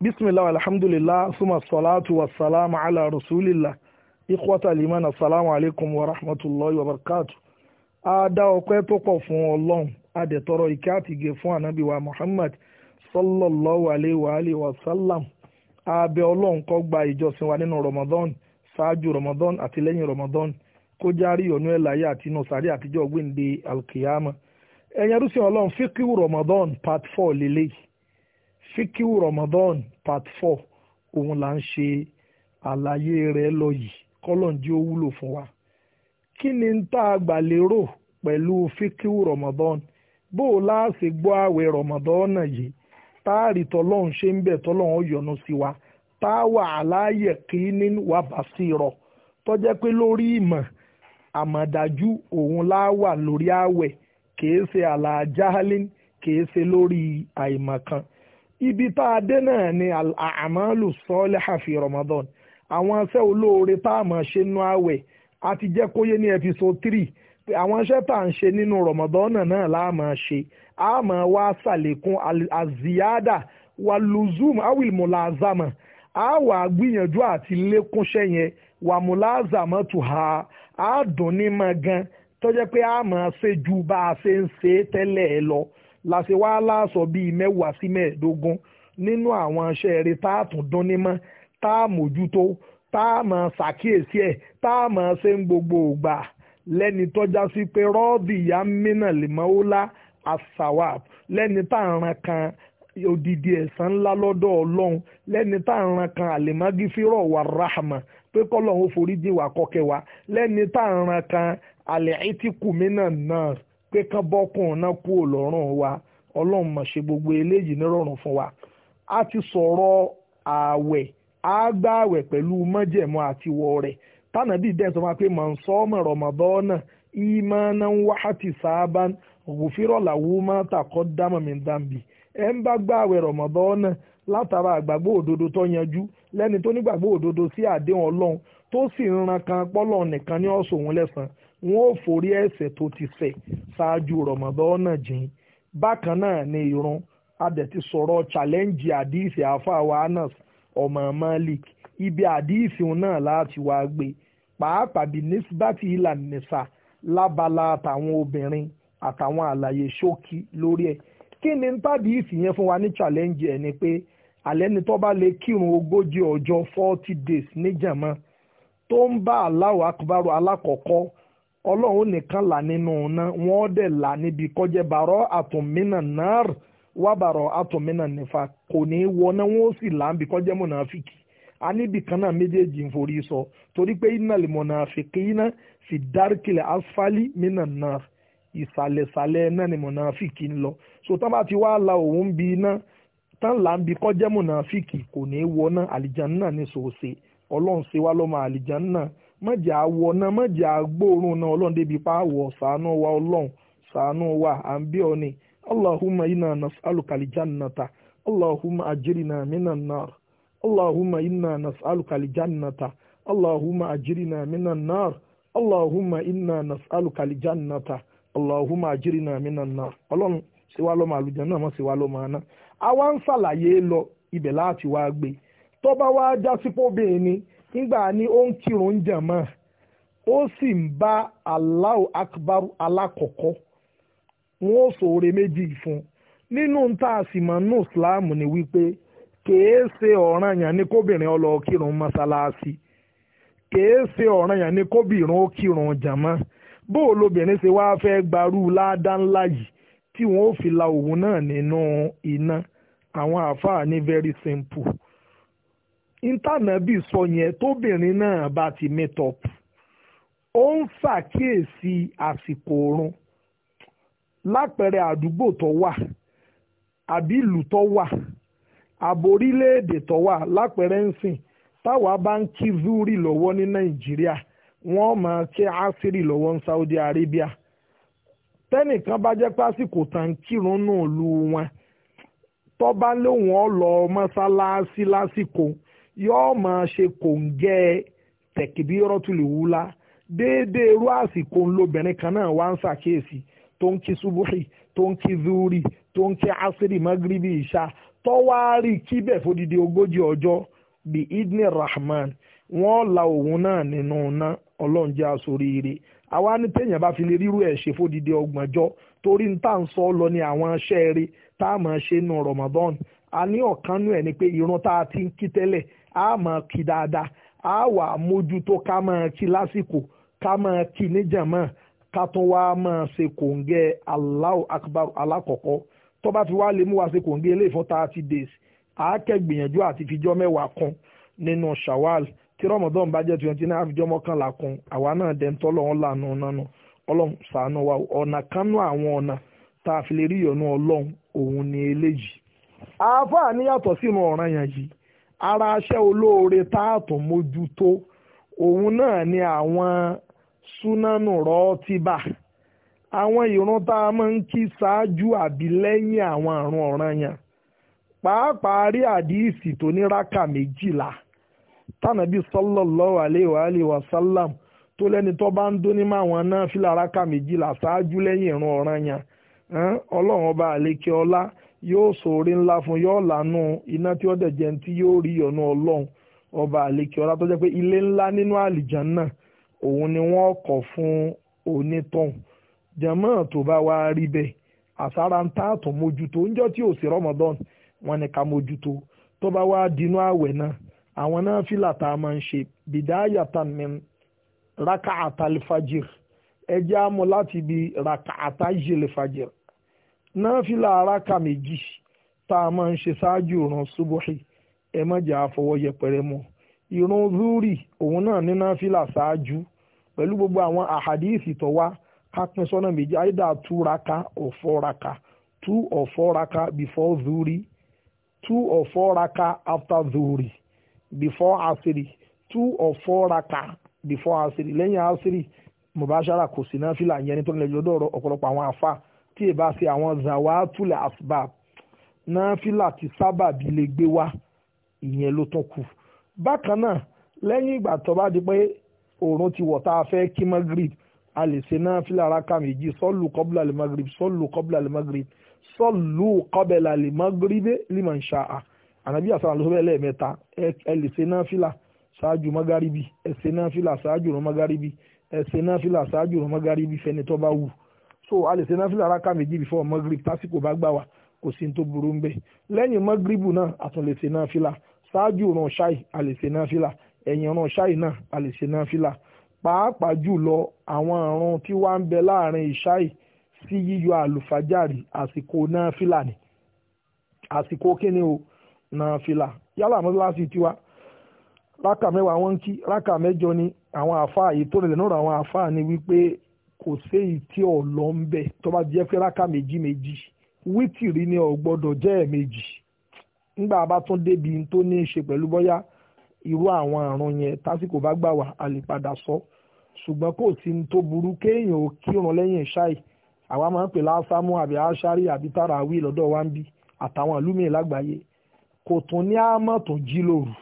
bismillah alhamdulillah suma salatu wa salam ala rasulillah ikwata liman assalamu alaikum wa rahmatullahi wa barakatu a dá ọpẹ́ tó pọ̀ fún ọlọ́run a dẹ̀ tọrọ ìkẹ́ àti ìgẹ̀ fún ànábì wa muhammad sallallahu alaihi wa alihi wa sallam a bẹ̀ ọlọ́run kó gba ìjọsìn wa nínú ramadan ṣáájú ramadan àti lẹ́yìn ramadan kó járí ọ̀nà ẹ̀láyé àti inú sàárẹ̀ àtijọ́ gbéǹde alkiyama ẹ̀yẹrúsìn ọlọ́run fíkíwù ramadan part four lélẹ́yìí Fikiru Ramadan part four òun là ń ṣe àlàyé rẹ̀ lọ yìí kọ́lọ̀njí ó wúlò fún wa kí ni ń tá a pẹ̀lú fíkíwù Ramadan bó o láàṣẹ gbọ́ ààwẹ̀ Ramadan yìí táàrí tọ́lọ́hún ṣe ń bẹ̀ tọ́lọ́hún yọ́nú sí wa táwà aláyẹ̀ kí ní wà bá sí rọ tọ́jẹ́ pé lórí ìmọ̀ àmọ̀dájú òun láwà lórí ààwẹ̀ kìí ṣe àlàájáhálín kìí ṣe lórí àìmọ̀kan ibi tá a dé náà ni àmọ́lù sọ́ọ́lẹ̀ àfi Ramadan àwọn aṣẹ́ olóore tá a máa ṣe nú àwẹ̀ a ti jẹ́ kóyé ní episode three pé àwọn aṣẹ́ tá à ń ṣe nínú Ramadan náà la máa ṣe a máa wá ṣàlékún àzíyáàdà wà lùzùm awil mulazama a gbìyànjú àti lékúnṣẹ́ yẹn wà mulazama tù ha a ní mọ́ gan tó pé a ṣe ju bá a ṣe ń ṣe tẹ́lẹ̀ lọ láṣẹ wá láàṣọ bíi mẹ́wàá sí mẹ́ẹ̀ẹ́dógún nínú àwọn iṣẹ́ eré tá a tún dún ní mọ́ tá a mójútó tá a mọ̀ ṣàkíyèsí ẹ̀ tá a mọ̀ ṣe ń gbogbo ògbà lẹ́ni tọ́já sí pé rọ́ọ̀dì ìyá mínà lè mọ́ lẹ́ni tá à ń kan odidi ẹ̀san ńlá lọ́dọ̀ ọlọ́run lẹ́ni tá à ń kan àlèmági fírọ̀ wà ráhàmà pé kọ́lọ́hún foríjì wà kọ́kẹ́ wa lẹ́ni tá à ń ran kan àlẹ́ ìtìkùmínà náà pé kán bọ́kùn náà kúrò lọ́rùn wa ọlọ́run mọ̀ ṣe gbogbo eléyìí nírọ̀rùn fún wa a ti sọ̀rọ̀ ààwẹ̀ a gbà ààwẹ̀ pẹ̀lú mọ́jẹ̀mọ́ àti wọ rẹ̀ tànàbí dẹ́n sọ ma pé mọ̀ ń sọ ọmọ rọmọdọ́nà ìmọ̀ náà ń wáhàtì sáábán ògùnfírọ̀ tàkọ́ dámọ̀ mi ń bá ààwẹ̀ látara àgbàgbọ́ òdodo tó yanjú lẹ́ni tó nígbàgbọ́ òdodo sí àdéhùn ọlọ́run tó sì ń kan nìkan ní wọn ò forí ẹ̀ṣẹ̀ tó ti ṣẹ̀ ṣáájú rọ̀mọ̀dọ́ jìn bákan náà ni irun adẹ̀tí sọ̀rọ̀ challenge àdìsí àfàwọ̀ anas ọmọ malik ibi àdìsí náà láti wá gbé pàápàá bí nisbati ilan nisa lábala àtàwọn obìnrin àtàwọn àlàyé ṣókí lórí ẹ̀ kí ni tàdíìsì yẹn fún wa ní challenge ẹ̀ ni pé alẹ́ ni tó bá lè kírun ogójì ọjọ́ forty days níjàmọ́ tó ń bá Allahu akbaru alákọ̀ọ́kọ́ ọlọ́run nìkan là nínú iná wọ́n dẹ̀ là níbi kọjẹ́ bàrọ́ àtùnmínà náà wà bàrọ́ àtùnmínà nífà kò ní í wọná wọn sì là níbi kọjẹ́ mọ̀nàfíkì a níbi kan náà méjèèjì ń forí sọ torí pé innal fi dárkìlẹ̀ asfali mínà náà ìsàlẹ̀sàlẹ̀ náà ni mọ̀nàfíkì ń lọ so ti wá la òun bí iná tán là kọjẹ́ mọ̀nàfíkì kò ní ní ọlọ́run ṣe wá lọ́mọ mọ̀jẹ̀ àwọ̀ náà mọ̀jẹ̀ àgbóòrùn náà ọlọ́run débi pa àwọ̀ sàánú wa ọlọ́run sàánú wa à ń bí ọ ni allahumma inna nas'aluka aljannata allahumma ajirina minan nar allahumma inna nas'aluka aljannata allahumma ajirina minan nar allahumma inna nas'aluka aljannata allahumma ajirina minan nar ọlọ́run ṣe wá lọ́mọ àlùjànnà mọ́ ṣe wá lọ́mọ àná àwa ń ṣàlàyé lọ ibẹ̀ láti wá gbé tó bá wá já sípò bẹ́ẹ̀ ni nígbà ní ó ń kírun jàmọ́ ó sì ń bá Allahu Akbar alákọ̀ọ́kọ́ wọn ó ṣoore méjì fún nínú tá a sì mọ̀ nínú Islam ni wípé kèé ṣe ọ̀ranyàn ni kóbìnrin ó lọ kírun mọ́ṣáláṣí kèé ṣe ọ̀ranyàn ni kóbìnrin ó kírun jàmọ́ bó o lóbìnrin ṣe wáá fẹ́ gbarú ládá ńlá yìí tí wọ́n ó fi la òun náà nínú iná àwọn àáfàá ní very simple intanẹ́bì sọ yẹn tóbìnrin náà bá ti meet up ó ń ṣàkíyèsí àsìkò oorun lápẹẹrẹ àdúgbò tó wà àbí ìlú tó wà àborílẹ̀ tó wà lápẹẹrẹ ń táwa bá ń kí zuri lọ́wọ́ ní nàìjíríà asiri lọ́wọ́ ní saudi arabia bá jẹ́ kírun náà lu wọn tó bá wọn lọ mọ́sálásí yóò máa ṣe kòǹgẹ́ tẹ̀kìbírọ́tùlù wúlá déédéé irú àsìkò ńlọbìnrin kan náà wá ń ṣàkíyèsí tó ń kí subuhi tó ń kí zuri tó ń kí asiri magribi ìṣá tọ́wárì kíbẹ̀ fódìdí ogójì ọjọ́ bí idni rahman wọ́n la òun náà nínú iná ọlọ́run jẹ́ asoríire àwa ní téèyàn bá fi lè ríru ẹ̀ ṣe fódìdí ọgbọ̀njọ́ torí ń tà ń sọ lọ ní àwọn aṣẹ́ eré tá a máa ṣe nù ramadan a ní ọ̀kanú ẹ̀ ni pé irun tá a ti ń kí tẹ́lẹ̀ a máa kí dáadáa a wà mójútó ká máa kí lásìkò ká máa kí níjàmọ́ ká tún wá máa ṣe kòǹgẹ́ Allahu Akbar alákọ̀ọ́kọ́ tó bá ti wá lè mú wa ṣe kòǹgẹ́ eléyìí fún thirty days àákẹ́gbìyànjú àti fijọ́ mẹ́wàá kan nínú Shawwal tí Ramadan bá jẹ́ twenty nine àfijọ́ mọ́kànlá kan àwa náà dẹ̀ ń tọ́lọ̀ lànà nánu ọlọ́run ṣàánú wa ọ̀nà kanú àwọn ọ̀nà tá a fi lè rí ìyọ̀nù ọlọ́run òun ni eléyìí àáfàá níyàtọ̀ sínú ọ̀ranyàn yìí ara aṣẹ́ olóore táàtún mójútó òun náà ni àwọn súnánù rọ́ọ̀tìbà àwọn ìrun tá a máa ń kí ṣáájú àbí lẹ́yìn àwọn àrùn ọ̀ranyàn pàápàá rí àdíìsì tó ní rákà méjìlá tànàbí sallallahu alaihi wa alihi wa sallam tó lẹ́ni tó bá ń dóní mọ́ àwọn náà fìlà rákà méjìlá ṣáájú lẹ́yìn ìrun ọ̀ranyàn ọlọ́run ọba àlékè ọlá yóò ṣoore ńlá fún yóò lànà iná tí ó dẹ̀ jẹ́ tí yóò rí ọ̀nà ọlọ́run ọba àlekè ọlá tó jẹ́ pé ilé ńlá nínú àlìjánná òun ni wọ́n kọ́ fún onítọ̀hún jẹ̀mọ́ tó bá wá rí bẹ́ẹ̀ àsára ń tààtò mójútó ńjọ́ tí ò sí Ramadan wọn ni ká mójútó tó bá wá dinú àwẹ̀ náà àwọn náà fìlà tá a máa ń ṣe bidayatan min raka atalifajir ẹjẹ́ àmọ́ láti bi raka atajilifajir náfìlà araka méjì tá a máa ń ṣe ṣáájú ìran subuhi ẹ má jẹ́ àfọwọ́ yẹpẹrẹ mọ́ ìran zuri òun náà ní náfìlà ṣáájú pẹ̀lú gbogbo àwọn àhàdíìsì tó wá ká pín sọ́nà méjì àìdá two raka or four raka two or four raka before zuri two or four raka after zuri before asiri two or four raka before asiri lẹ́yìn asiri mubashara kò sí náfìlà yẹn nítorí lẹ́yìn lọ́dọ̀ ọ̀pọ̀lọpọ̀ àwọn àfáà tí ì bá ṣe àwọn zawatul asbab náfìlà tí sábàbí lè gbé wá ìyẹn ló tún kù bákan náà lẹ́yìn ìgbà tó bá di pé oòrùn ti wọ̀ tá a fẹ́ kí magrib a lè ṣe náfìlà rákà méjì sọ́ọ̀lù kọ́bùlà lè magrib sọ́ọ̀lù kọ́bùlà lè magrib sọ́ọ̀lù kọ́bẹ̀là lè magrib liman sha'a ànábì àsàlà ló bẹ́ẹ̀ lẹ́ẹ̀mẹ́ta ẹ lè ṣe náfìlà ṣáájú magaribi ẹ ṣe náfìlà ṣáájú rán magaribi ẹ ṣe náfìlà ṣáájú rán magaribi fẹ́ni tó bá wù so a lè ṣe náfìlà rákà méjì before magrib tásìkò bá gbà wá kò sí tó burú ń bẹ lẹ́yìn magribu náà a tún lè ṣe náfìlà ṣáájú ìran ṣáì a lè ṣe náfìlà ẹ̀yìn ìran ṣáì náà a lè ṣe náfìlà pàápàá jùlọ àwọn àrùn tí wá ń bẹ láàrin ìṣáì sí yíyọ àlùfájàrí àsìkò náfìlà ni àsìkò kíni o náfìlà yálà mọ́sálásí tiwa rákà mẹ́wàá wọ́n kí rákà mẹ́jọ ni àwọn àfáà yìí tó rẹ̀ lẹ́nu àwọn àfáà ni wípé kò séyìí tí ọ̀lọ́ ń bẹ̀ tó bá jẹ́ fẹ́ráká méjì méjì wítìrí ni ó gbọ́dọ̀ jẹ́ ẹ̀ẹ̀mejì nígbà bá tún débi tó ní í ṣe pẹ̀lú bọ́yá irú àwọn àrùn yẹn tásìkò bá gbà wá a lè padà sọ ṣùgbọ́n kò sí ní tó burú kéèyàn ò kírun lẹ́yìn ṣáì àwa máa ń pè lásámú àbí aṣárì àbí tàràwí lọ́dọ̀ wa ń bí àtàwọn àlùmíì lágbàáyé kò tún ní àmọ́ tó jí lóru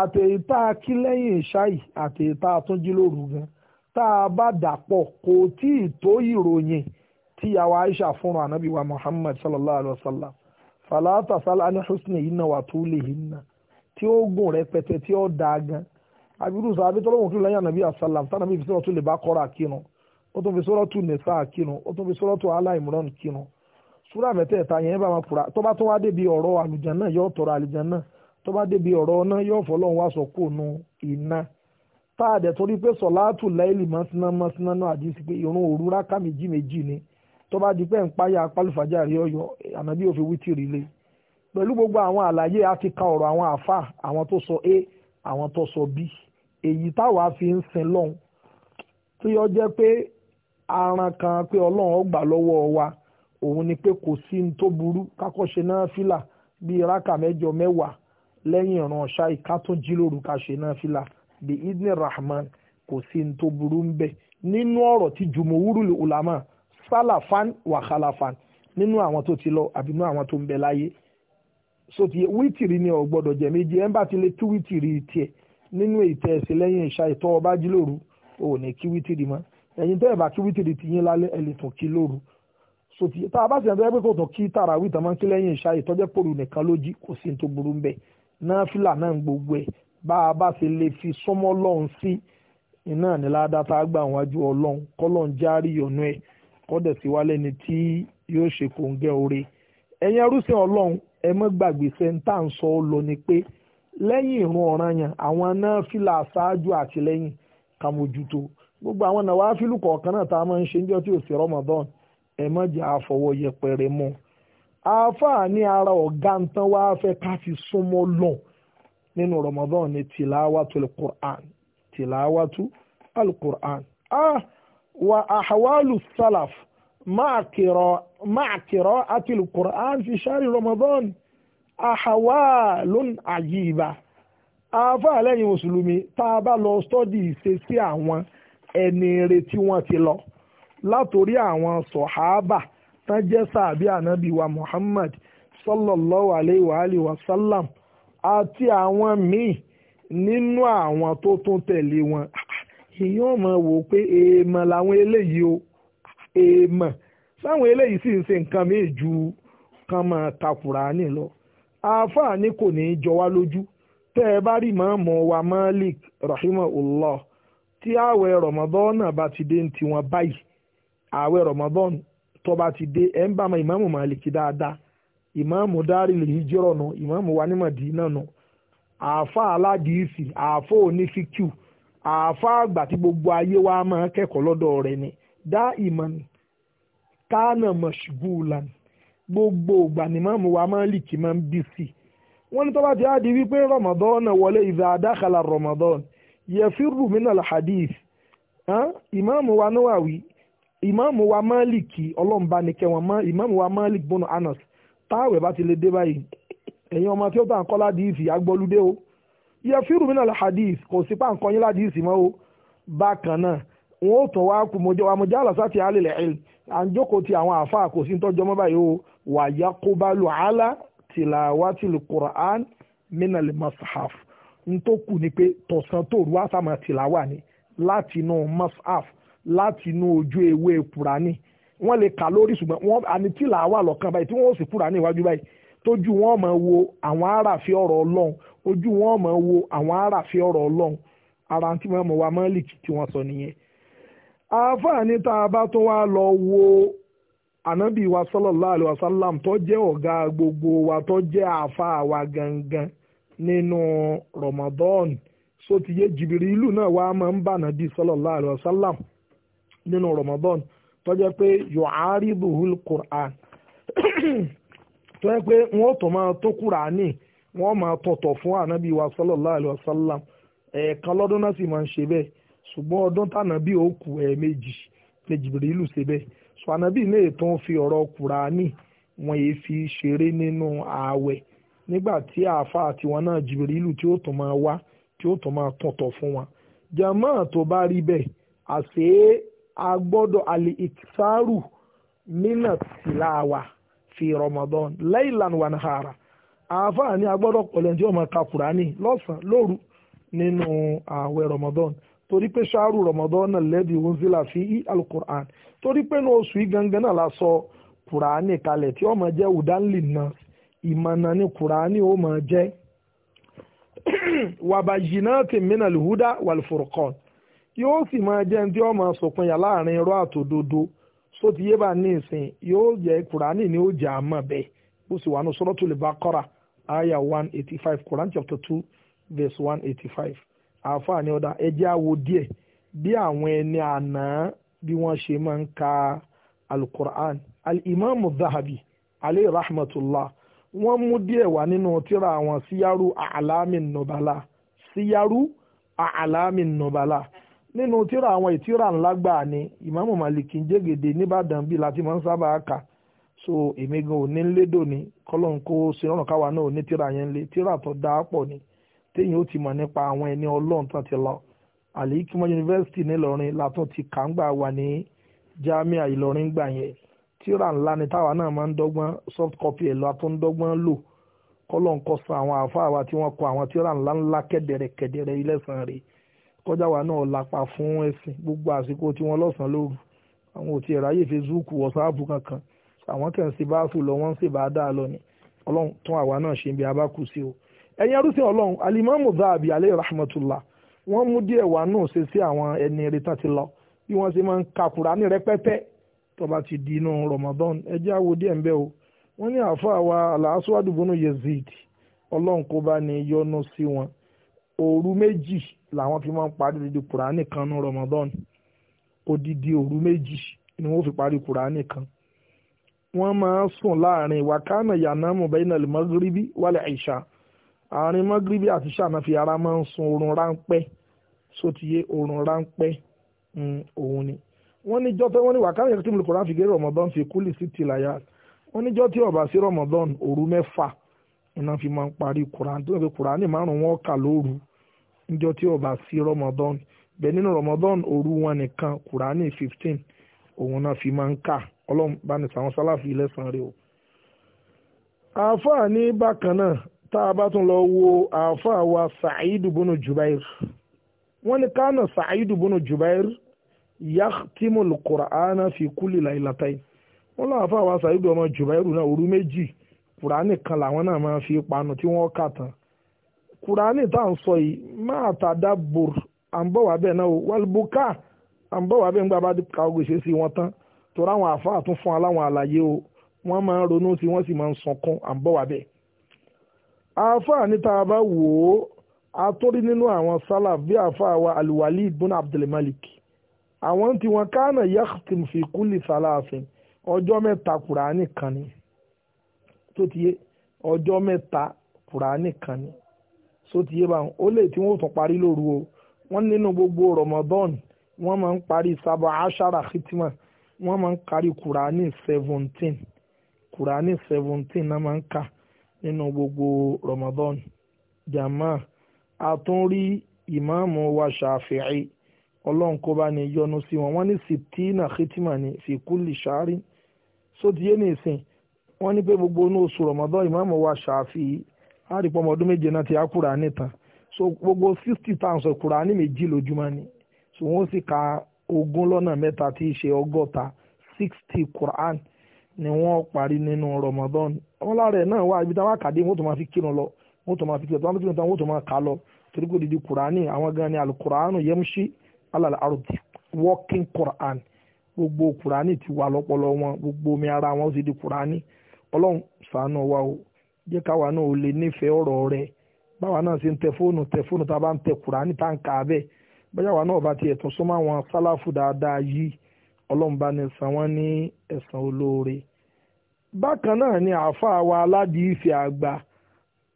àtẹ̀yìntà kí lẹ́yìn ṣáì àtẹ̀yìntà tún jí lóru gan-an tá a bá dàpọ̀ kò tí ì tó ìròyìn tí yàwó Aisha fún anabi wa Muhammad sallallahu alayhi wa sallam falata salani husni hinna wa tuli hinna tí ó gùn rẹpẹtẹ tí ó dáa gan abiru sàbí tọ́lọ́wọ́n kí lẹ́yìn anabi asalam tánàbí fi sọ́rọ́ tó lè bá kọ́ra kírun ó tún fi sọ́rọ́ tó nìsa kírun ó tún fi sọ́rọ́ tó aláìmúrán kírun súrà mẹ́tẹ̀ẹ̀ta yẹn bá máa fura tó bá tún wá débi ọ̀rọ̀ àlùjánnà yóò tọrọ àlùjánnà tó bá débi ọ̀rọ̀ náà yóò fọlọ́run wá sọ kó nu iná tá a dẹ̀ torí pé sọ̀láàtù láìlì mọ́síná mọ́síná náà àdìsí pé irun òru ráká méjì méjì ni tó bá di pé ń páyà apálùfàjà rí ọyọ ànábì òfin wítìrì lé pẹ̀lú gbogbo àwọn àlàyé a ti ka ọ̀rọ̀ àwọn àfà àwọn tó sọ a àwọn tó sọ b èyí táwa fi ń sin lọ́hùn tí ó jẹ́ pé aran kan pé ọlọ́run ó lọ́wọ́ wa òun ni pé kò sí ní tó burú kákọ́ṣe náà fìlà bíi rákà mẹ́jọ mẹ́wàá lẹ́yìn ìran ṣáì ká ṣe náà fìlà bí idni rahman kò sí ní tó burú ń bẹ nínú ọ̀rọ̀ tí jùmọ̀wúrú ulama sálàfán wà khalafán nínú àwọn tó ti lọ àbí nínú àwọn tó ń bẹ láyé so ti wítìrì ni ò gbọ́dọ̀ jẹ méjì ẹ ń bá ti lè tú wítìrì tiẹ̀ nínú ìtẹ ẹsẹ lẹ́yìn ìṣá ìtọ ọba jí ò ní kí wítìrì mọ́ ẹ̀yin tẹ ẹ bá kí wítìrì ti yín lálẹ́ ẹ lè tún kí lóru so ti tá a bá sì ń tẹ pé kò tún kí tààrà wí tàmá kí lẹ́yìn ìṣá ìtọjẹ pòrò nìkan ló kò sí ní tó burú ń bẹ náà fìlà náà ń gbogbo ẹ bá a bá ṣe lè fi súnmọ́ ọlọ́run sí iná ní ládàá tá a gbà wájú ọlọ́run kọ́lọ́n járí ọ̀nà ẹ̀ kọ́dẹ̀ sí wálé ni tí yóò ṣe kò ń gẹ́ oore ẹ̀yin arúsìn ọlọ́run ẹ mọ́ gbàgbé sẹ́ńtà ń sọ ọ́ lọ ni pé lẹ́yìn ìrun ọ̀ranyàn àwọn náà fìlà ṣáájú àtìlẹ́yìn ká mójútó gbogbo àwọn náà wàá fílù kọ̀ọ̀kan náà tá a máa ń ṣe níjọ́ tí ò Ramadan ẹ mọ́ jẹ́ àfọwọ́ yẹpẹrẹ mọ́ àáfàá ní ara ọ̀gá ń tán wàá fẹ́ ká fi súnmọ́ lọ́n nínú Ramadan ni tilawatul Qur'an tilawatu al-Qur'an ah wa ahwalu salaf máàkìrọ àti al-Qur'an fi ṣáàrì Ramadan ahawalun ajiba àáfàá lẹ́yìn mùsùlùmí tá a bá lọ stọ́dì ìṣesí àwọn ẹni ire tí wọ́n ti lọ látòrí àwọn sọ̀háábà tán jẹ́ sàbí ànábì wa Muhammad sallallahu alayhi wa sallam àti àwọn míì nínú àwọn tó tún tẹ̀lé wọn èèyàn ò mọ̀ wò pé èèmọ̀ làwọn eléyìí o èèmọ̀ sáwọn eléyìí sì ń ṣe nǹkan míì ju kan máa takùrà ní lọ àáfàá ni kò ní í jọ wá lójú tẹ́ ẹ bá rí màmú wa Malik rahimahullah tí ààwẹ̀ Ramadan náà bá ti dé ní tiwọn báyìí ààwẹ̀ Ramadan tó bá ti dé ẹ̀ ń bá ma Ìmáàmù Malik dáadáa ìmáàmù dárìlì hijrọ̀ nù ìmáàmù wa ní Mádínà nù àáfà aládìísì àáfà onífíkù àáfà àgbà tí gbogbo ayé wa máa kẹ́kọ̀ọ́ lọ́dọ̀ rẹ̀ ni dá ìmọ̀ kánà mọ̀ṣúgùlàn gbogbo ìgbà ni ìmáàmù wa Málíkì máa ń bì sí wọ́n ní tó ti á di wípé Ramadan wọlé ìzà àdákàlà Ramadan yẹfirù minal hadith ìmáàmù wa Nawawi ìmáàmù wa Málíkì ọlọ́mbánikẹ́ wọn ìmáàmù wa Málíkì bọ́nà Anas táwẹ̀ bá ti lè dé báyìí ẹ̀yin ọmọ tí ó bá ń kọ́ ládìísì agbọ́lúdé o yẹ fírù mí náà ládìís kò sí pa nǹkan yín ládìísì mọ́ o bákan náà wọn ò tàn wá kú àmọ̀já àlàsá ti alẹ́ lẹ́yìn à ń jókòó ti àwọn àáfàá kò sí ń tọ́jọ́ mọ́ báyìí o wàyà kó bá lu àálá tilawatil Qur'an minal mashaf n tó kù ni pé tọ̀sán tó rú àsàmà tìlàwà ni látinú mashaf látinú ojú ewé Kùránì wọ́n lè kà lórí ṣùgbọ́n wọ́n àní tí là á wà lọ́kàn báyìí tí wọ́n ó sì kúrà ní ìwájú báyìí tójú wọn máa wo àwọn aráàfin ọ̀rọ̀ ọlọ́run ojú wọn máa wo àwọn aráàfin ọ̀rọ̀ ọlọ́run ara tí wọ́n mọ̀ wá Malik tí wọ́n sọ nìyẹn. àfààní tá a bá tún wá lọ wo ànábì wa sallallahu alaihi wasallam tó jẹ́ ọ̀gá gbogbo wa tó jẹ́ àáfàá wa gangan nínú Ramadan sotiye Jibirilu náà wá máa ń bá ànábì sallallahu alaihi wasallam nínú Ramadan tọ́jọ́ pé yu'ariduhul Qur'an tọ́jọ́ pé wọ́n tó máa tó Kùránì wọ́n máa tọ̀tọ̀ fún ànábì wa sallallahu alayhi lọ́dún náà sì máa ń ṣe bẹ́ẹ̀ ṣùgbọ́n ọdún tànàbí ó kù ẹ̀ẹ̀mejì ní Jibrilu ṣe bẹ́ẹ̀ sọ ànábì náà tó ń fi ọ̀rọ̀ Kùránì wọ́n yìí fi ṣeré nínú ààwẹ̀ nígbà tí náà tí ó tó máa wá tí ó tó máa tọ̀tọ̀ fún a gbọ́dọ̀ àlè ìtìsáàrù nínà tìláwà fi Ramadan laylan wa nahara àáfàá ni a gbọ́dọ̀ pọ̀lẹ́ tí ó máa ka Kùránì lọ́sàn-án lóru nínú ààwẹ̀ Ramadan torí pé ṣáàrù Ramadan náà lẹ́bi unzila fi í alukur'an torí pé ní oṣù yìí gangan náà la sọ Kùránì kalẹ̀ tí ó máa jẹ́ udanli náà ìmọ̀nà ni Kùránì ó máa jẹ́ wàbàjì náà ti mìíràn lùhúdà wàlúfòrùkọ́n yóò sì máa jẹ́ ní tí wọ́n máa sọ̀kan yà láàrin irọ́ àtòdodo só ti yé bá ní ìsìn yóò jẹ́ kùránì ní òjà àmọ́ bẹ́ẹ̀ bó sì wà ní Suratul Baqara aya one eighty five Quran chapter two verse one eighty five àáfàá ni ọ̀dà ẹjẹ́ àwo díẹ̀ bí àwọn ẹni àná bí wọ́n ṣe máa ń ka alukur'an al zahabi alayhi rahmatullah wọ́n mú díẹ̀ wá nínú tírà àwọn síyárú àlámì nọ̀bálà síyárú àlámì nọ̀bálà nínú tíra àwọn ìtíra ńlá gbà ni ìmáàmù màlìkì ń jégede nìbàdàn bíi láti máa ń sábà kà so èmi gan ò ní lédò ni kọ́lọ́n kó ṣe rọrùn káwa náà ò ní tíra yẹn lé tíra tó dáa pọ̀ ni téèyàn ó ti mọ̀ nípa àwọn ẹni ọlọ́run tó ti lọ àlìkímọ́ yunifásitì nílọrin látún ti kà ń gbà wà ní jamia ìlọrin gbà yẹn tíra ńlá ni táwa náà máa ń dọ́gbọ́n soft copy ẹ̀ lọ àtúndọ́gbọ́n lò kọ́lọ́n kọ́ san àwọn àáfàá wa tí wọ́n kọ àwọn tíra ńlá ńlá kẹ́dẹ̀rẹ̀kẹ́dẹ̀rẹ̀ ilẹ̀sàn rèé kọjá wa náà lápá fún ẹ̀sìn gbogbo àsìkò tí wọ́n lọ́sàn-án lóru àwọn ò tiẹ̀ ráyè facebook whatsapp kankan àwọn kàn sí báàsù lọ wọ́n ń sì bá dáa lọ ni ọlọ́run tún àwa náà ṣe bí a sí o ẹ̀yin arúsìn ọlọ́run alimami zahabi aleyhi rahmatullah wọ́n mú díẹ̀ wá náà ṣe sí àwọn ẹni retán ti lọ bí wọ́n ṣe máa ń ka Kùránì rẹpẹtẹ tó bá ti di inú Ramadan ẹjẹ́ àwo díẹ̀ ń o wọ́n ní àáfàá wa aláṣọ àdúgbò náà Yazid ọlọ́run kó bá ní yọ́nú sí wọn òru méjì làwọn fi máa ń parí odidi kùránì kan ní Ramadan odidi òru méjì ni wọ́n fi parí kùránì kan wọ́n máa ń sùn láàrin wàkánà yanamu bainal magribi wal isha àárín magribi àti ṣàna fi ara máa ń sun oorun ráńpẹ́ sótìyé oorun ráńpẹ́ hmm, òun ni wọ́n níjọ́ tẹ́ wọ́n ní wàkánà yanamu bainal magribi wal isha àárín magribi àti ṣàna fi ara máa ń sun oorun ráńpẹ́ tí ọba sí Ramadan òru mẹ́fà iná fi máa ń parí kùránì tó ń pe kùránì márùn wọn kà lóru níjọ tí ó sí ramadan bẹ́ẹ̀ nínú ramadan òru wọn nìkan kùránì fifteen òun náà fi máa ń kà ọlọ́run bá ní sàwọn sálàfì lẹ́sàn-án rẹ o. àáfàá ní bákan náà tá a bá tún lọ wo àáfàá wa Sa'id bùnú Jubair wọ́n ní kánà Sa'id bùnú Jubair yàtìmọ̀lù kùránì fi kúlì láìlátáì wọ́n láwọn àáfàá wa Sa'id ọmọ Jubair náà òru méjì kùránì kan làwọn náà máa fi panu tí wọ́n kà tán kùránì tá à ń sọ yìí máa tàdá bòr à ń bọ̀ wá bẹ́ẹ̀ náà o wàlúbùkà à ń bọ̀ wá bẹ́ẹ̀ ń gbà bá ka ogun ìṣesí wọn tán torí àwọn àáfàá tún fún aláwọn àlàyé o wọ́n máa ń ronú sí wọ́n sì máa ń sọkún à ń bọ̀ wá bẹ́ẹ̀. àáfàá ní tá a bá wò ó a tó rí nínú àwọn sálà bí àáfàá wa alwalid ibn abdulmalik àwọn tí kánà yakhtim fi kulli salasin ọjọ́ mẹ́ta kùránì kan ni tó ti yé ọjọ́ mẹ́ta kùránì kan ni tó ti yé báwọn ó lè tí wọ́n tún parí lóru o wọ́n nínú gbogbo Ramadan wọ́n máa ń parí sábà ashara khitima wọ́n máa ń kárí kùránì seventeen kùránì seventeen náà máa ń kà nínú gbogbo Ramadan jama àtúnrí ìmáàmù wa ṣàfihì ọlọ́run kó bá ní yọ́nú sí wọn wọ́n ní sitina khitima ní fi kulli shahrin sótìyé nìsín wọ́n ní pé gbogbo inú oṣù rọ̀mọ́dọ́ ìmáàmù wa ṣàfi àdìpọ̀ ọmọ ọdún méje náà ti á Kùránì tán so gbogbo sixty times Kùránì méjì lójúmọ́ ni so wọ́n sì ka ogún lọ́nà mẹ́ta tí í ṣe ọgọ́ta sixty Kùránì ni wọ́n parí nínú rọ̀mọ́dọ́n wọ́n lára ẹ̀ náà wá ibi táwọn àkàdé wọ́n tó máa fi kírun lọ wọ́n tó máa fi kírun tán wọ́n tó máa kà lọ torí kò dìdí Kùránì àwọn gan ni alukùránù yẹmúṣí alàlẹ́ àròtì walking Kùránì gbogbo Kùránì ti wà lọ́pọlọ wọn gbogbo omi ara wọn sì di Kùránì ọlọ́run ṣàánú wa o jẹ́ káwa náà ò lè nífẹ̀ẹ́ ọ̀rọ̀ rẹ báwa náà ṣe ń tẹ fóònù tẹ fóònù tá a bá ń tẹ kùránì tá a ń kà á bẹ́ẹ̀ bóyá wa náà bá tiẹ̀ tún súnmọ́ àwọn sálàfù dáadáa yìí ọlọ́run bá ní san wọ́n ní ẹ̀san olóore bákan náà ni àáfàá wa aládìísì àgbà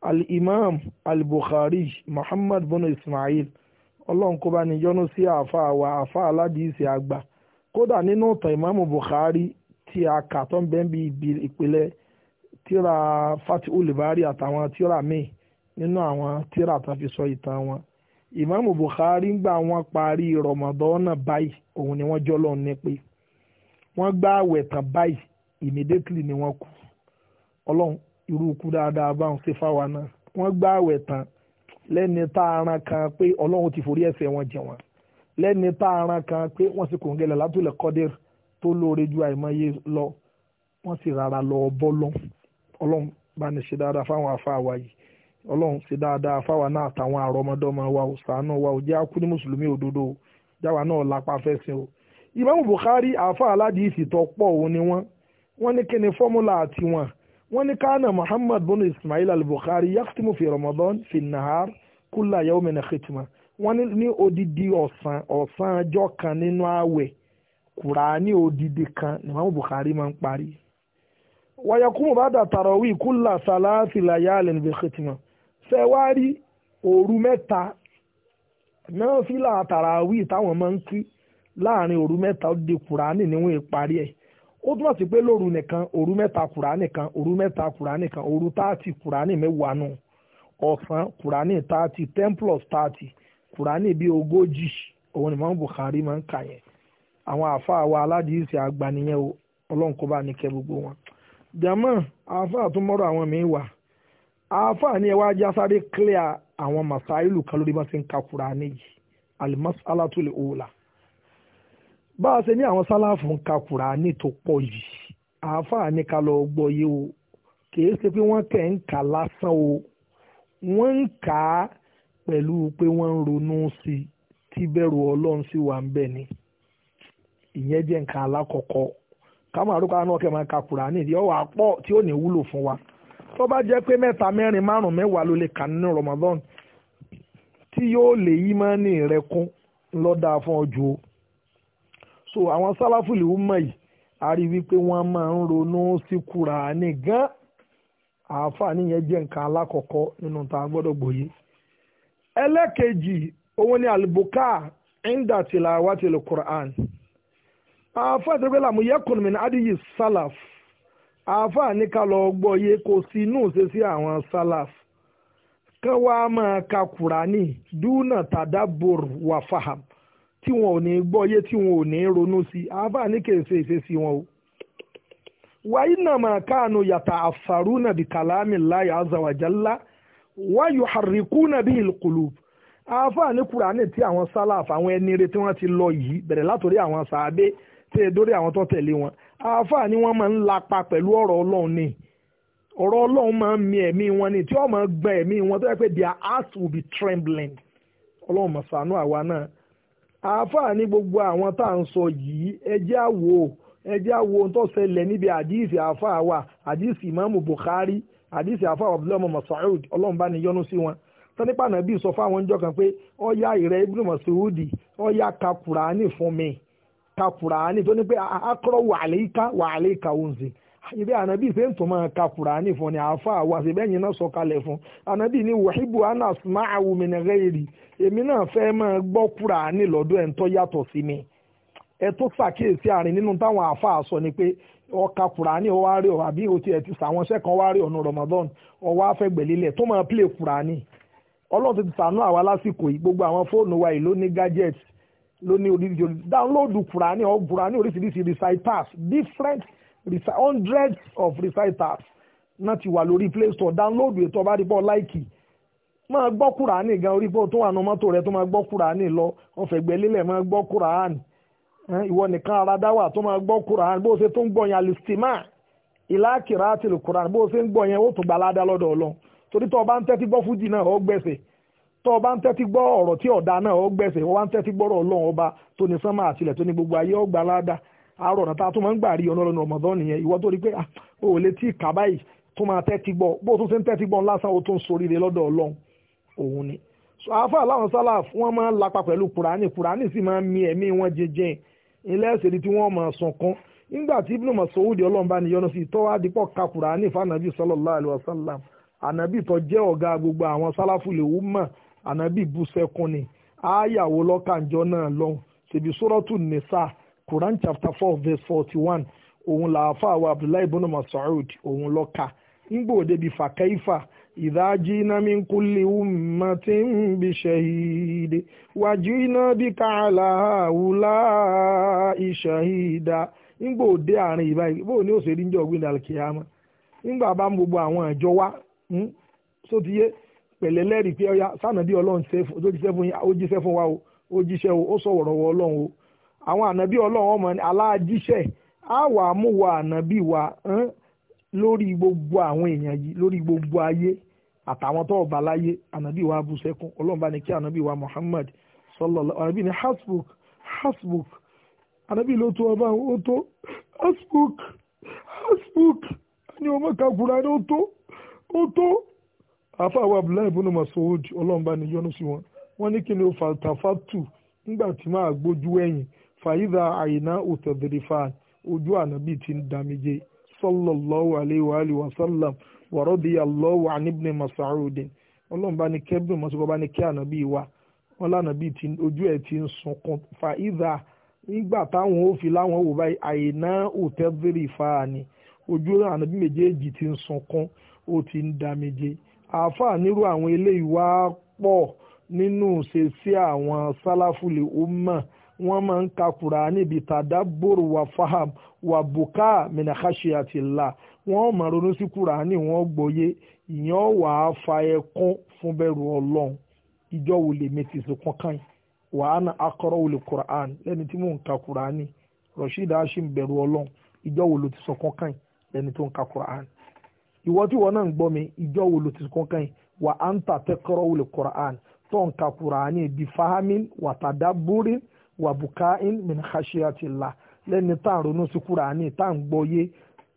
al-imam al-bukhari muhammad bin ismail ọlọ́run kó bá ní yọ́nú sí àáfàá wa àáfàá aládìísì àgbà kódà nínú ìtàn ìmáàmù bukhari tí a kà tó bẹ́ẹ̀ bí ìpìlẹ̀ tíra fati olùbárì àtàwọn tíra míì nínú àwọn tíra tó fi sọ ìtàn wọn ìmáàmù Bukhari ń gbà wọ́n parí rọmọdọ́nà báyìí òun ni wọ́n jọ́lọ́ ní pé wọ́n gba àwẹ̀ tán báyìí immediately ni wọ́n kú ọlọ́run irú ikú dáadáa báwọn ṣe fáwa náà wọ́n gba àwẹ̀ tán lẹ́ni tá a ran kan pé ọlọ́run ti forí ẹ̀ṣẹ̀ wọn jẹ wọ́n lẹ́ni tá a kan pé wọ́n sì kòǹgẹ́lẹ̀ látòlẹ̀ kọ́dẹ́rì tó lóore ju àìmọye lọ wọ́n sì rárá lọ bọ́ lọ ọlọ́run bá ní ṣe dáadáa fáwọn afáà wa yìí ọlọ́run ṣe dáadáa fáwa náà àtàwọn àrọ́mọdọ́mọ wa ò ṣàánú wa ò jẹ́ akú ní mùsùlùmí òdodo o jáwa náà lápá fẹ́sìn o. ìmáàmù Bukhari àáfàá aládìísì tó pọ̀ òun ni wọ́n wọ́n ní kíni fọ́múlà àti wọn wọ́n ní kánà Muhammad bin Ismail al Buhari yakhtimu fi Ramadan fi nahar kulla yawmin khitma wọ́n ní ní odidi ọ̀sán ọ̀sán ọjọ́ kan nínú ààwẹ̀ Kùránì odidi kan ìmáàmù Bukhari máa ń parí wàyẹ̀kùn bá dà tàràwí kúlà sàlásì làyà àlẹ́lẹ́ bẹ̀ kìtìmọ̀ ṣe wá rí òru mẹ́ta náà fílà tàràwí táwọn máa ń kí láàrin òru mẹ́ta ó di kùránì níwọ̀n ìparí ẹ̀ ó túmọ̀ sí pé lóru nìkan òru mẹ́ta kùránì kan òru mẹ́ta kùránì kan òru táàtì kùránì mẹ́wàá nù ọ̀sán kùránì táàtì ten plus táàtì kùránì bíi ogójì òun ni mọ́n Bukhari máa ń kà yẹn àwọn aládìísí àgbà nìyẹn o ọlọ́run gbogbo wọn jama àáfàá tún mọ́rọ̀ àwọn míín wà àáfàá ni ẹ wá já sáré clear àwọn masailu kan lórí bọ́n ti ń ka Kùránì yìí alimasalatu le ola bá a ṣe ní àwọn sálàfù ń ka Kùránì tó pọ̀ yìí àáfàá ni ká lọ gbọ́ yé o kìí ṣe pé wọ́n kẹ̀ ń kà lásán o wọ́n ń kà á pẹ̀lú pé wọ́n ń ronú sí i tí bẹ̀rù ọlọ́run sì wà ń bẹ̀ ni ìyẹn jẹ́ nǹkan alákọ̀ọ́kọ́ káwọn àrùkọ àwọn ọkẹ máa ka kùránì yọ wà pọ̀ tí ò ní wúlò fún wa tó bá jẹ́ pé mẹ́ta mẹ́rin márùn mẹ́wàá ló lè kà nínú Ramadan tí yóò lè yí máa ní rẹ kún fún ọjọ́ so àwọn sáláfùlì wúmọ̀ yìí a rí wípé wọ́n máa ń ronú sí kùránì gan àǹfààní yẹn jẹ́ nǹkan alákọ̀ọ́kọ́ nínú tá a gbòye ẹlẹ́kejì òun ni àlùbọ́kà ẹ̀ńdà tìlà wá tìlù kùránì àáfà ìtẹ́gbẹ́ làmú yẹ́kùn mi ní adìyí salaf Afa ni ká lọ gbọ́ yé kò sí inú ṣe sí àwọn salaf kán wá máa ka kùránì dúnà tàdábòr wà fàhàm tí wọn ò ní gbọ́ yé tí wọn ò ní ronú sí àáfà ní kì í ṣe ìṣesí wọn o wàyí náà máa káànù yàtà àfàrú nàbì kàlámì láyà azawajalla wáyù hàrìkú nàbì ìlkùlùb àáfà ní kùránì tí àwọn salaf àwọn ẹni rẹ tí wọ́n ti lọ yìí bẹ̀rẹ̀ látòrí àwọn sàábé tẹ́ ẹ dórí àwọn tó tẹ̀lé wọn àáfàá ni wọ́n máa ń lapa pẹ̀lú ọ̀rọ̀ ọlọ́run ni ọ̀rọ̀ ọlọ́run máa ń mi ẹ̀mí wọn ni tí wọ́n máa gbẹ ẹ̀mí wọn tó yẹ pé their hearts will be trembling ọlọ́run máa ṣàánú àwa náà àáfàá ni gbogbo àwọn tá à ń sọ yìí ẹjẹ́ àwò ẹjẹ́ àwò ohun tó ṣẹlẹ̀ níbi àdìsí àáfàá wa àdìsí ìmáàmù Bukhari àdìsí àáfàá Abdullahi ọmọ Mas'ud ọlọ́run bá ní yọ́nú sí wọn tọ́nípànà bíi sọ fáwọn ọjọ́ kan pé ọ̀ya ìrẹ́ Ibn Mas'ud ọ̀ya ka Kùránì fún mi ka kùránì tó ní pé akọ́rọ̀ wàlíkà wàlíkà ounzi ibi ànábì ṣe ń tún máa ka kùránì fún ni àáfàá wa ṣe bẹ́ẹ̀ yẹn náà sọ kalẹ̀ fún ànábì ní wàhíbù anas máa wù mí nìkan èrì èmi náà fẹ́ máa gbọ́ kùránì lọ́dọ̀ ẹ̀ ń tọ́ yàtọ̀ sí mi ẹ tó ṣàkíyèsí àárín nínú táwọn àáfàá sọ ni pé ọkà kùránì ọwọ́ àárẹ̀ ọ̀ àbí o ti ẹ̀ ti sàwọn iṣẹ́ kan wáárẹ̀ ọ̀nà Ramadan ọwọ́ afẹ́gbẹ̀lélẹ̀ tó máa pílè kùránì ọlọ́run ti sànú àwa lásìkò yìí gbogbo àwọn fóònù wa ìlú ní gadgets ló ní oríṣiríṣi oríṣiríṣi dáńlóòdù kùránì ọ kùránì oríṣiríṣi reciters different hundreds of reciters náà ti wà lórí play store dáńlóòdù ètò ọba àdìpọ̀ láìkì máa gbọ́ kùránì gan orí pé o tún wà ní mọ́tò rẹ tó máa gbọ́ kùránì lọ ọ̀fẹ̀gbẹ́ lélẹ̀ máa gbọ́ kùránì ìwọ nìkan ara dá wà tó máa gbọ́ kùránì bó o ṣe tó ń gbọ́ yẹn alistima ìlàkìrá àti lùkùránì bó o ṣe ń gbọ́ yẹn ó tún gbà ládàá lọ́dọ̀ ọlọ́ torí tó o ń tẹ́tí gbọ́ fújì náà ó gbẹ̀sẹ̀ tó o bá ń tẹ́tí gbọ́ ọ̀rọ̀ tí ọ̀dà náà ó gbẹ̀sẹ̀ wọ́n bá ń tẹ́tí gbọ́rọ̀ ọlọ́run ọba tó ní sánmà àtìlẹ̀ tó ní gbogbo ayé ọgbà ládà àárọ̀ ọ̀nà tá a tún máa ń gbà rí ọ̀nà ọ̀nà ọ̀mọ̀dán nìyẹn ìwọ tó rí pé ah, o ò lè tí ì kà báyìí tó máa tẹ́tí gbọ́ bó tún ṣe ń tẹ́tí gbọ́ lásán o tún soríire lọ́dọ̀ ọlọ́run òun ni. mi ẹ̀mí wọn jẹjẹn ilé ẹ̀sẹ̀ tí wọ́n máa sàn kan nígbà tí ni yọnu sí tọ́wọ́ adìpọ̀ ka kùránì anabi sallallahu alayhi wa anabi tó jẹ́ ọ̀gá gbogbo àwọn sálàfù lè wú mọ́ anabi bú sẹ́kún ni ááyàwó lọ́kànjọ́ náà lọ́hùn ṣèbí sọ́rọ́tù quran chapter four verse forty one òun làáfà wa abdullahi ibn masoud òun lọ́ka ńgbò débi fàkẹ́ifà ìdájí iná mi ń kúlẹ̀ ọmọ tí ń bí ṣahídé wájú iná bí káàlà àwùlá ìṣahídá ńgbò dé àárín ni ó ṣe rí ń jọ ọgbìn dàlùkìyàmọ́ ńgbà gbogbo wa hmm, so pẹ̀lẹ́ lẹ́rìí pé ọ̀yà sànàbí ọlọ́run tó jíṣẹ́ fún ó jíṣẹ́ fún wa o ó jíṣẹ́ o ó sọ̀rọ̀ wọ ọlọ́run o àwọn ànàbí ọlọ́run ọmọ ni aláàjíṣẹ́ á wà á mú wa ànàbí wa lórí gbogbo àwọn èèyàn yìí lórí gbogbo ayé àtàwọn tó ọba láyé ànàbí wa bú sẹ́kún ọlọ́run bá ní kí ànàbí wa Muhammad sallallahu ànàbí ní hasbuk hasbuk ànàbí ló tó ọba ó tó hasbuk hasbuk ni ọmọ kakura ni ó tó ó tó. afa àwọn abdullahi ibùnú masoud ọlọmba ni yọ́nú sí wọn wọ́n ní kí ni ó fàtàfàtù nígbà tí máa gbójú ẹ̀yìn fàyídà àyìnà òtẹ̀dẹ̀rẹ̀fà ojú ànábì ti ń dà sallallahu alayhi wa wa sallam ni masoud bá ní kí ànábì wa wọn ojú ti ń sunkún fàyídà nígbà táwọn ò fi láwọn wò báyìí àyìnà òtẹ̀dẹ̀rẹ̀fà ni ojú ànábì méjèèjì ti àáfàá nírú àwọn eléyìí wá pọ̀ nínú ṣe sí àwọn sálàfùlì umma wọ́n máa ń ka kùránì bíi tàdábòrò wà faham wà bùkà mìnàkàṣe àti ìlà wọ́n máa ronú sí kùránì wọ́n gbọ́yé ìyẹn wà á fa ẹkún fún bẹ̀rù ọlọ́run ìjọ wò lè mẹ́tì sí kankan wàá na akọ́rọ́ wò lè kùránì lẹ́ni tí mò ń ka kùránì Rashid Hashim bẹ̀rù ọlọ́run ìjọ wò ló ti sọ kankan lẹ́ni tó ń ka kùránì ìwọ tí wọn náà ń gbọ́ mi ìjọ wo ló ti kankan yìí wà á ń tà tẹ́kọ̀rọ̀ wọlé quran tó ń ka quran bí fahamin wà tàdábúrí wà bukain min khashiyatillah lẹ́ni tá à ń ronú sí quran tá à ń gbọ́ yé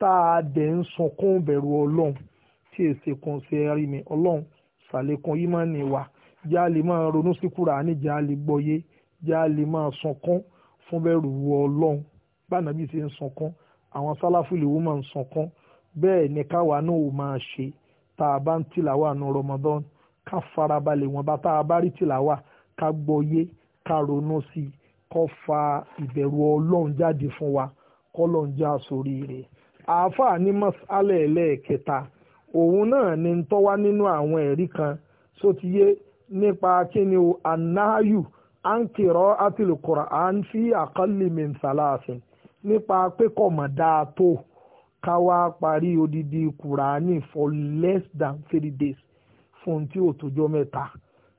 tá a dẹ̀ ń sunkún bẹ̀rù ọlọ́run tí èsì kan ṣe rí mi ọlọ́run ṣàlékún yìí máa ní wa já lè máa ronú sí quran já lè gbọ́ yé já lè máa sunkún fún bẹ̀rù ọlọ́run bá nàbí ṣe ń sunkún àwọn sálàfù lè máa ń sunkún bẹ́ẹ̀ ni káwa náà ò máa ṣe tá a bá ń tìlàwà nu Ramadan ká farabalẹ̀ wọn bá tá a bá rí tìlàwà ká gbọ́yé ká ronú sí i kó fa ìbẹ̀rù ọlọ́run jáde fún wa kọ́lọ́run já sórí rẹ̀ àáfàá ní mọ́sálẹ̀ ẹlẹ́ẹ̀kẹta òun náà ni ń tọ́wá nínú àwọn ẹ̀rí kan sótìyé nípa kíni o anahayu ankirọ́ atilukura'an fi àkọ́lé mẹ́ńsálàsìn nípa pé kò mọ̀ dáa tó ká wá parí odidi kùránì for less than three days fún tí ò tójọ́ mẹ́ta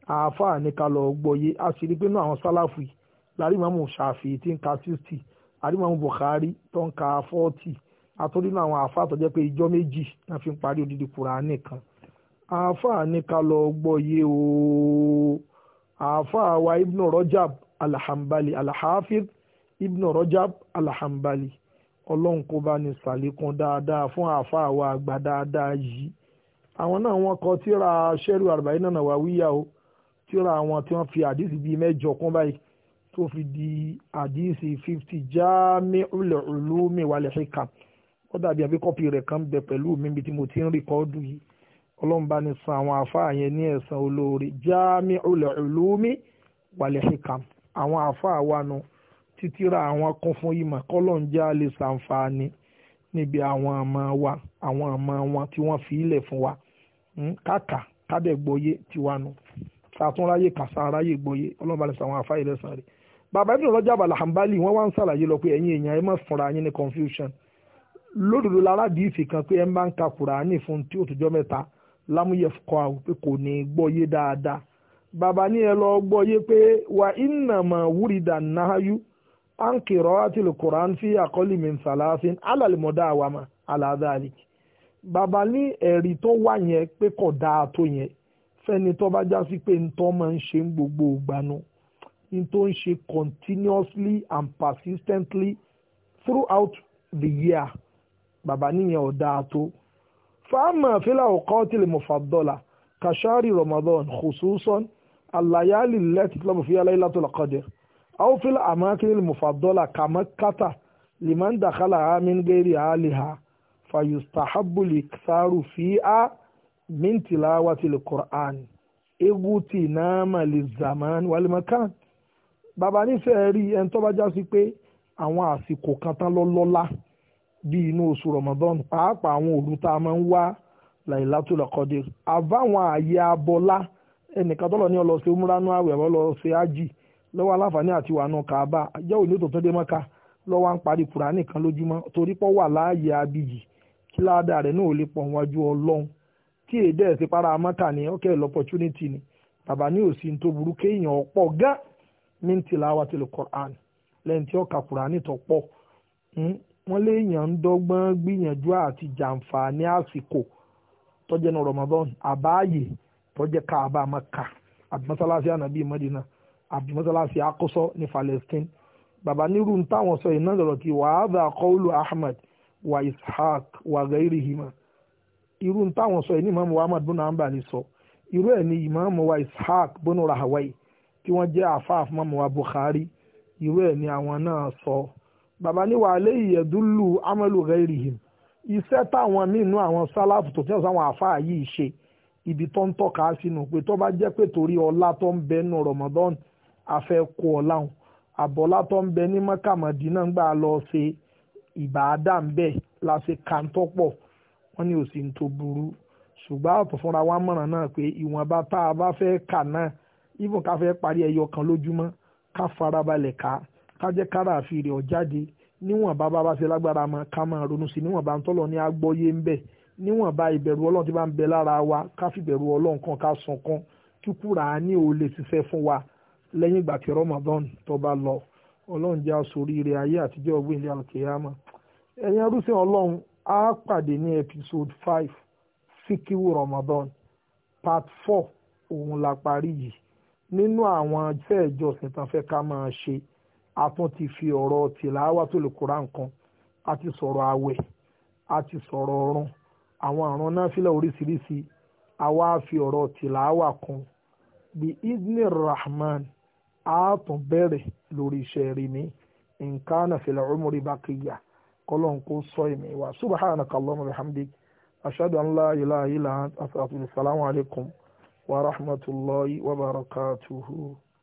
àáfàá ní ká lọ gbọ́yé a sì rí pé náà àwọn sálàfù yìí lárímàmù ṣàfihì tí ń ka sixty àrímàmù buhari tó ń ka forty àtúndínú àwọn àáfàá tó jẹ́ pé ìjọ méjì náà fi ń parí odidi kùránì kan àáfàá ní ká lọ gbọ́yé ooo àáfàá wa ibnu rajab alhambali alhafid ibnu rajab alhambali ọlọ́run kó bá ní sàlékún dáadáa fún àáfàá wa àgbà dáadáa yìí àwọn náà wọ́n kọ tíra sẹ́rù àrùbáyé náà wà wíyà o tíra àwọn tí wọ́n fi àdìsí bíi mẹ́jọ kún báyìí tó fi di àdìsí fifty Jami'ul Ulumi wal Hikam ó dàbí àbí kọ́pì rẹ̀ kan bẹ pẹ̀lú mi bí tí mo ti ń rìkọ́dù yìí ọlọ́run bá ní san àwọn àáfàá yẹn ní ẹ̀san olóore Jami'ul Ulumi wal Hikam àwọn àáfàá wa nù. No títíra àwọn kún fún ìmọ̀ kọ́lọ́njá lè ṣàǹfààní níbi àwọn ọmọ wa àwọn ọmọ wọn tí wọ́n fi ilẹ̀ fún wa hmm, káàkà kádẹ́gbọ́yé tiwa nù sàtúnráyè kàsáráyè gbọ́yé ọlọ́run bá lè sàwọn àfáà ilẹ̀ sàn rè bàbá Ibn Rajab al-Hanbali wọ́n wá ń ṣàlàyé lọ pé ẹ̀yin èèyàn ẹ má fúnra yín ní confusion lódodo lára di ìfì kan pé ẹ máa ń ka kùránì fún tí ó tọjọ́ mẹ́ta lámúyẹ̀ kọ́ àwọn pé kò ní gbọ́yé dáadáa bàbá ní ẹ lọ gbọ́yé pé wà ìnàmọ̀ wúrìdà náháyú ankiro àti lukuran fi àkọlì min salasin alalimọ̀dá àwàmà aláàdáàlì bàbá ní ẹ̀rí tó wà yẹn pé kò dáa tó yẹn fẹ́ni tó bá já sí pé ntọ́ máa ń ṣe ń gbogbo ìgbàanu ní tó ń ṣe continuously and persistently throughout the year bàbá níyẹn ò dáa tó fáàmà fílà ọ̀kọ́ tìlẹ̀ mọ̀fàdọ́là kàṣárì Ramadan khususan alayali lẹ́tìtìlọ́mọ̀fíyàlá ìlàtọ̀lọ́kọ́dẹ̀ẹ́ aw fil amakil mufadola kama kata liman dakhala amin gairi aliha fayustahabbu liksaru fi'a min tilawati alquran eguti nama lizaman wal makan bàbá nífẹ̀ẹ́ rí ẹni tó bá já sí pé àwọn àsìkò kan tán lọ lọ́lá bíi inú oṣù ramadan pàápàá àwọn òru tá a máa ń wá lailatul qadir àbáwọn ààyè abọlá ẹnìkan tó lọ ní ọlọ́sẹ̀ umranu àwẹ̀ ọlọ́sẹ̀ ájì lọ́wọ́ aláǹfààní àti wàánu kàába jẹ́ òní tó tún dé mọ́ka lọ́wọ́ à ń parí kùránì kan lójúmọ́ torí pọ́ wà láàyè abiyì kí láàdá rẹ̀ náà lè pọ̀ wájú ọlọ́run kí èdè ẹ̀ para mọ́ta ní ọ̀kẹ́ lọ́pọ̀tunity ni bàbá ní òsì tó burú kéèyàn ọ̀pọ̀ gán ní ti láwa ti lè lẹ́yìn tí kùránì tó pọ̀ hmm? wọ́n ń dọ́gbọ́n àbí mọ́sálásí akọ́sọ́ ní Palestine bàbá nírú ń táwọn sọ iná lọ́rọ̀ kí wàá bá kọ́ọ̀lù Ahmad wa Ishaq wa gairihima irú ń táwọn sọ ní Imam Ahmad bọ́nà àǹbàní sọ irú ẹ̀ ní Imam wa Ishaq bọ́nà rahawai tí wọ́n jẹ́ àfáà fún Imam wa Bukhari irú ẹ̀ ní àwọn náà sọ bàbá ní wàá lé ìyẹ̀dúlù amalu gairihim iṣẹ́ táwọn nínú àwọn sálàfù tó tẹ́sán àwọn àfáà yìí ṣe ibi tó ń tọ́ka sínú pé tó bá jẹ́ pé torí ọlá tó ń bẹ́nu Ramadan afẹ́ kó ọ láwọn àbọ̀lá tó ń bẹ ní mọ́kàmọ́dì náà gbà lọ ṣe ìbáadá ń bẹ̀ la ṣe kàńtọ́ pọ̀ wọ́n ní òsì tó burú ṣùgbọ́n àtọ̀ fúnra wa mọ̀ràn náà pé ìwọ̀nba tá a bá fẹ́ kà náà even ká fẹ́ parí ẹyọ kan lójúmọ́ ká farabalẹ̀ ká ká jẹ́ kára àfihàn ọ̀jáde níwọ̀n bá bá bá ṣe lágbára mọ́ ká máa ronú sí níwọ̀n bá ń tọ́lọ ní agbọ́yé ń bẹ̀ níwọ̀n bá ìbẹ̀rù ọlọ́run ti bá ń bẹ lára wa ká fìbẹ̀rù ọlọ́run kan ká sàn kíkúrà á ní òòlè ṣiṣẹ́ fún wa lẹ́yìn ìgbà tí Ramadan tó bá lọ ọlọ́run jẹ́ aṣoríire ayé àtijọ́ ọgbìn ilé alkiyama ẹ̀yin arúsẹ̀ ọlọ́run á pàdé ní episode five fikiru Ramadan part four òun la parí yìí nínú àwọn iṣẹ́ ìjọsìn tán fẹ́ ká máa ṣe a tún ti fi ọ̀rọ̀ tìláwá tó lè kóra nǹkan a ti sọ̀rọ̀ àwẹ̀ a ti sọ̀rọ̀ ọ̀run àwọn àrùn náfìlà oríṣiríṣi àwa fi ọ̀rọ̀ tìláwà kún bí idni rahman a tún bẹ̀rẹ̀ lórí iṣẹ́ rí mi nǹkan àfẹlẹ̀ ọmọrí bá kéya kọ́lọ́n kó sọ èmi wa subhanaka allahumma wa hamdik ashhadu an la ilaha illa anta wa rahmatullahi wa barakatuhu.